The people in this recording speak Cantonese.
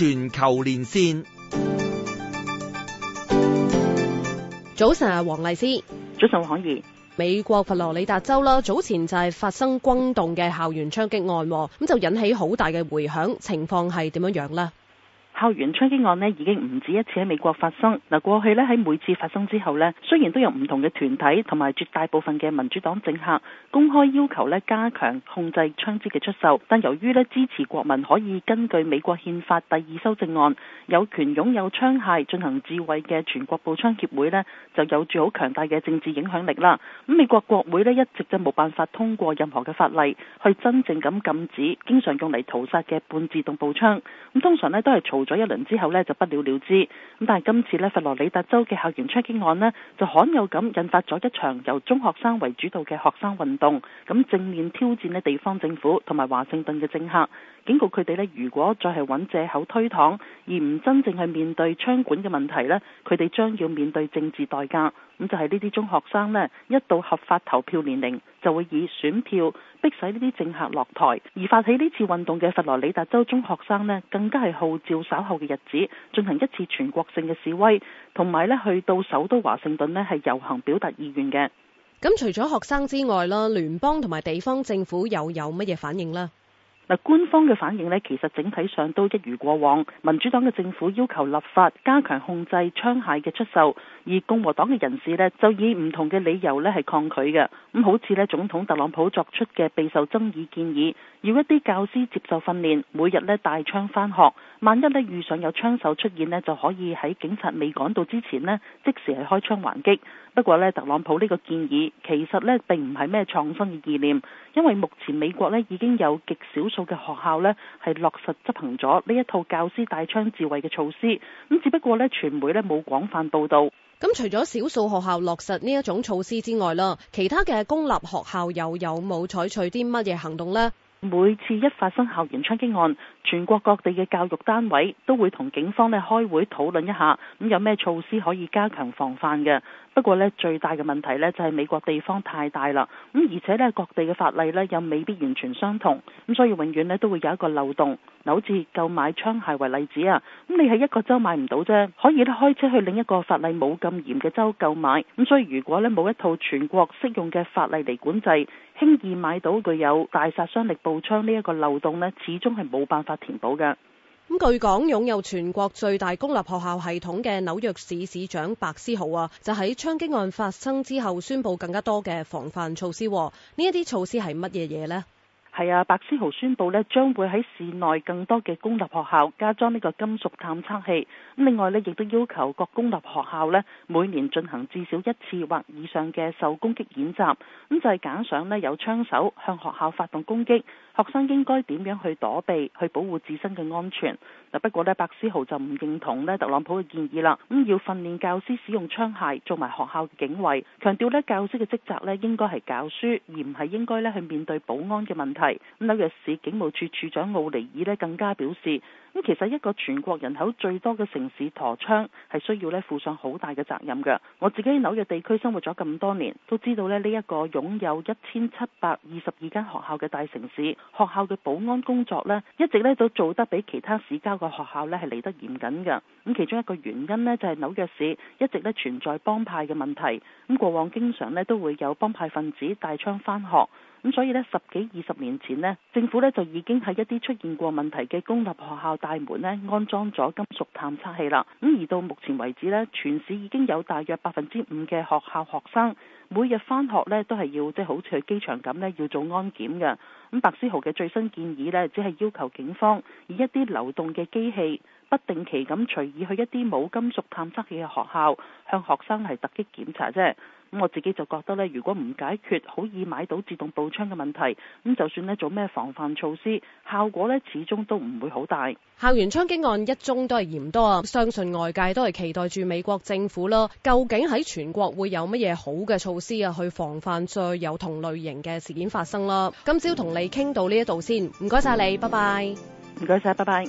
全球連線，早晨啊，黃麗施，早晨，凱宜，美國佛羅里達州啦，早前就係發生轟動嘅校園槍擊案，咁就引起好大嘅回響，情況係點樣樣呢？校園槍擊案咧已經唔止一次喺美國發生嗱，過去咧喺每次發生之後咧，雖然都有唔同嘅團體同埋絕大部分嘅民主黨政客公開要求咧加強控制槍支嘅出售，但由於咧支持國民可以根據美國憲法第二修正案有權擁有槍械進行自衛嘅全國步槍協會咧就有住好強大嘅政治影響力啦。咁美國國會咧一直就冇辦法通過任何嘅法例去真正咁禁止經常用嚟屠殺嘅半自動步槍，咁通常咧都係嘈咗一輪之後呢，就不了了之咁。但係今次呢，佛羅里達州嘅校園槍擊案呢，就罕有咁引發咗一場由中學生為主導嘅學生運動，咁正面挑戰呢地方政府同埋華盛頓嘅政客，警告佢哋呢，如果再係揾借口推搪而唔真正去面對槍管嘅問題呢，佢哋將要面對政治代價。咁就係呢啲中學生呢，一到合法投票年齡。就會以選票逼使呢啲政客落台，而發起呢次運動嘅佛羅里達州中學生呢，更加係號召稍後嘅日子進行一次全國性嘅示威，同埋呢去到首都華盛頓呢，係遊行表達意願嘅。咁、嗯嗯、除咗學生之外啦，聯邦同埋地方政府又有乜嘢反應呢？官方嘅反應其實整體上都一如過往。民主黨嘅政府要求立法加強控制槍械嘅出售，而共和黨嘅人士就以唔同嘅理由咧係抗拒嘅。咁好似咧總統特朗普作出嘅備受爭議建議，要一啲教師接受訓練，每日咧帶槍翻學，萬一咧遇上有槍手出現，就可以喺警察未趕到之前即時係開槍還擊。不過特朗普呢個建議其實咧並唔係咩創新嘅意念，因為目前美國已經有極少數嘅學校咧，係落實執行咗呢一套教師帶槍自衛嘅措施，咁只不過咧，傳媒咧冇廣泛報道。咁除咗少數學校落實呢一種措施之外啦，其他嘅公立學校又有冇採取啲乜嘢行動咧？每次一發生校園槍擊案，全國各地嘅教育單位都會同警方呢開會討論一下，咁有咩措施可以加強防範嘅？不過呢最大嘅問題呢就係美國地方太大啦，咁而且呢各地嘅法例呢又未必完全相同，咁所以永遠呢都會有一個漏洞。嗱，好似購買槍械為例子啊，咁你喺一個州買唔到啫，可以開開車去另一個法例冇咁嚴嘅州購買，咁所以如果呢冇一套全國適用嘅法例嚟管制。輕易買到具有大殺傷力步槍呢，一個漏洞呢始終係冇辦法填補嘅。咁據講，擁有全國最大公立學校系統嘅紐約市市長白思豪啊，就喺槍擊案發生之後，宣布更加多嘅防範措施。呢一啲措施係乜嘢嘢呢？係啊，白思豪宣布咧，將會喺市內更多嘅公立學校加裝呢個金屬探測器。咁另外咧，亦都要求各公立學校咧，每年進行至少一次或以上嘅受攻擊演習。咁就係假想咧，有槍手向學校發動攻擊。學生應該點樣去躲避、去保護自身嘅安全？嗱，不過咧，白思豪就唔認同咧特朗普嘅建議啦。咁要訓練教師使用槍械，做埋學校嘅警衛，強調咧教師嘅職責咧應該係教書，而唔係應該咧去面對保安嘅問題。咁紐約市警務處處長奧尼爾咧更加表示。咁其實一個全國人口最多嘅城市，陀槍係需要呢負上好大嘅責任嘅。我自己喺紐約地區生活咗咁多年，都知道呢一個擁有一千七百二十二間學校嘅大城市，學校嘅保安工作呢一直呢都做得比其他市郊嘅學校呢係嚟得嚴謹嘅。咁其中一個原因呢，就係紐約市一直呢存在幫派嘅問題，咁過往經常呢都會有幫派分子帶槍返學。咁所以呢，十幾二十年前呢，政府呢就已經喺一啲出現過問題嘅公立學校大門呢安裝咗金屬探測器啦。咁而到目前為止呢，全市已經有大約百分之五嘅學校學生，每日返學呢都係要即係、就是、好似去機場咁呢要做安檢嘅。咁白思豪嘅最新建議呢，只係要求警方以一啲流動嘅機器，不定期咁隨意去一啲冇金屬探測器嘅學校，向學生嚟突擊檢查啫。咁我自己就覺得咧，如果唔解決好易買到自動步槍嘅問題，咁就算咧做咩防範措施，效果咧始終都唔會好大。校園槍擊案一宗都係嫌多啊！相信外界都係期待住美國政府咯，究竟喺全國會有乜嘢好嘅措施啊，去防範再有同類型嘅事件發生啦。今朝同你傾到呢一度先，唔該晒你，拜拜。唔該曬，拜拜。